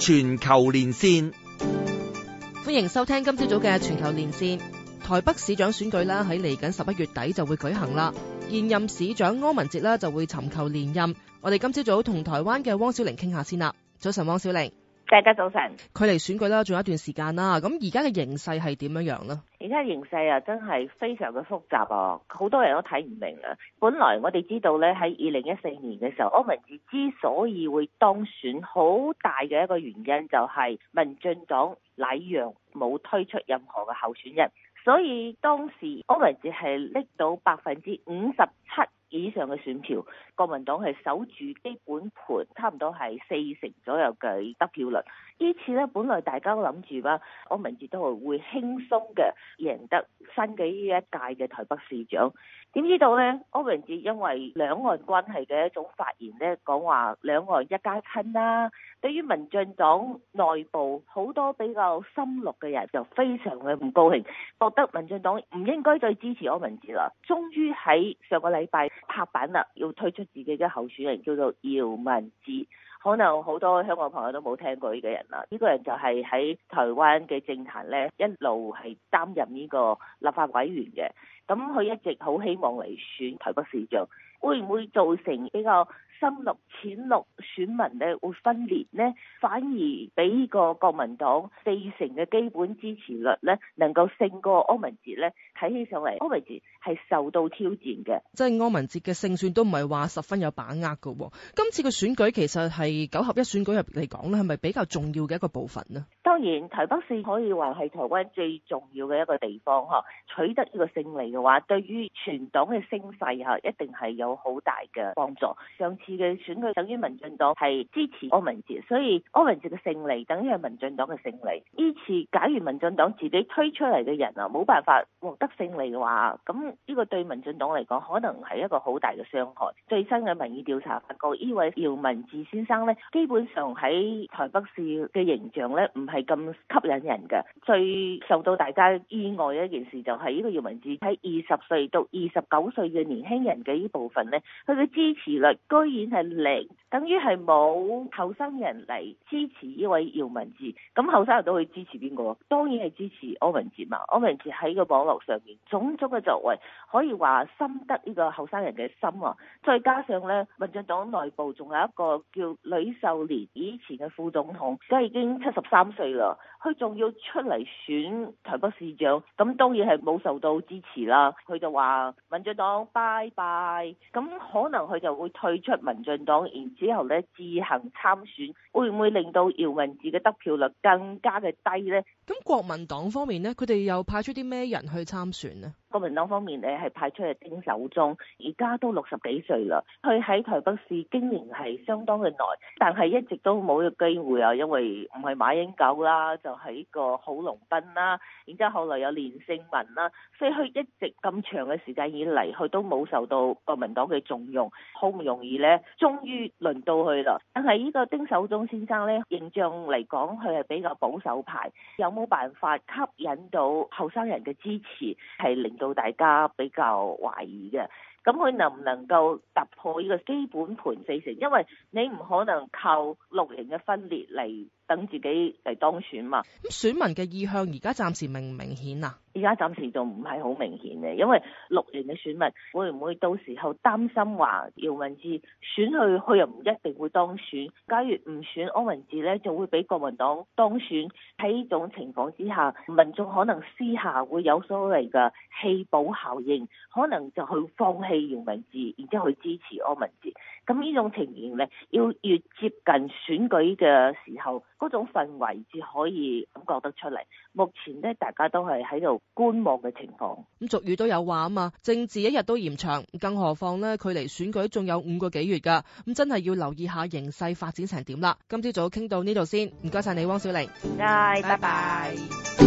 全球連線，歡迎收聽今朝早嘅全球連線。台北市長選舉啦，喺嚟緊十一月底就會舉行啦。現任市長柯文哲呢就會尋求連任。我哋今朝早同台灣嘅汪小玲傾下先啦。早晨，汪小玲。大家早晨，距離選舉啦，仲有一段時間啦。咁而家嘅形勢係點樣樣呢？而家形勢啊，真係非常嘅複雜，好多人都睇唔明啊。本來我哋知道咧，喺二零一四年嘅時候，柯文哲之所以會當選，好大嘅一個原因就係民進黨禮讓冇推出任何嘅候選人，所以當時柯文哲係拎到百分之五十七。以上嘅選票，國民黨係守住基本盤，差唔多係四成左右嘅得票率。呢次咧，本來大家都諗住啦，柯文哲都係會輕鬆嘅贏得新嘅呢一屆嘅台北市長。點知道呢？柯文哲因為兩岸關係嘅一種發言呢，講話兩岸一家親啦，啊，對於民進黨內部好多比較深綠嘅人就非常嘅唔高興，覺得民進黨唔應該再支持柯文哲啦。終於喺上個禮拜，拍板啦，要推出自己嘅候選人，叫做姚文智。可能好多香港朋友都冇聽過呢個人啦。呢個人就係喺台灣嘅政壇咧，一路係擔任呢個立法委員嘅。咁佢一直好希望嚟選台北市長會唔會造成呢個。深綠、淺綠選民咧會分裂咧，反而俾依個國民黨四成嘅基本支持率咧，能夠勝過柯文哲。咧，睇起上嚟柯文哲係受到挑戰嘅。即係柯文哲嘅勝算都唔係話十分有把握嘅，哦。今次嘅選舉其實係九合一選舉入嚟講咧，係咪比較重要嘅一個部分呢？當然，台北市可以話係台灣最重要嘅一個地方，取得呢個勝利嘅話，對於全黨嘅聲勢一定係有好大嘅幫助。上次嘅選舉等於民進黨係支持柯文哲，所以柯文哲嘅勝利等於係民進黨嘅勝利。呢次假如民進黨自己推出嚟嘅人啊，冇辦法獲得勝利嘅話，咁呢個對民進黨嚟講，可能係一個好大嘅傷害。最新嘅民意調查發覺，呢位姚文智先生咧，基本上喺台北市嘅形象咧，唔係咁吸引人嘅，最受到大家意外嘅一件事就係呢個姚文智喺二十歲到二十九歲嘅年輕人嘅呢部分咧，佢嘅支持率居然係零，等於係冇後生人嚟支持呢位姚文智，咁後生人都會支持邊個？當然係支持柯文哲嘛。柯文哲喺個網絡上面種種嘅作為可以話深得呢個後生人嘅心啊。再加上咧，民進黨內部仲有一個叫呂秀蓮以前嘅副總統，而家已經七十三歲。佢仲要出嚟選台北市長，咁當然係冇受到支持啦。佢就話民進黨拜拜，咁可能佢就會退出民進黨，然之後咧自行參選，會唔會令到姚文智嘅得票率更加嘅低呢？咁國民黨方面呢，佢哋又派出啲咩人去參選呢？國民黨方面咧係派出阿丁守中，而家都六十幾歲啦，佢喺台北市經營係相當嘅耐，但係一直都冇個機會啊，因為唔係馬英九啦，就喺個郝龍斌啦，然之後後來有連勝文啦，所以佢一直咁長嘅時間以嚟，佢都冇受到國民黨嘅重用，好唔容易呢，終於輪到佢啦。但係呢個丁守中先生呢，形象嚟講，佢係比較保守派，有冇辦法吸引到後生人嘅支持，係令到大家比較懷疑嘅。咁佢能唔能夠突破呢個基本盤四成？因為你唔可能靠綠營嘅分裂嚟，等自己嚟當選嘛？咁選民嘅意向而家暫時明唔明顯啊？而家暫時就唔係好明顯嘅，因為六年嘅選民會唔會到時候擔心話姚文智選去，佢又唔一定會當選，假如唔選柯文哲咧，就會俾國民黨當選，喺呢種情況之下，民眾可能私下會有所謂嘅棄保效應，可能就去放棄姚文智，然之後去支持柯文哲。咁呢種情形咧，要越接近選舉嘅時候。嗰種氛圍至可以感覺得出嚟。目前咧，大家都係喺度觀望嘅情況。咁俗語都有話啊嘛，政治一日都嫌長，更何況咧，距離選舉仲有五個幾月㗎。咁真係要留意一下形勢發展成點啦。今朝早傾到呢度先，唔該晒你，汪小玲。唔該，拜拜。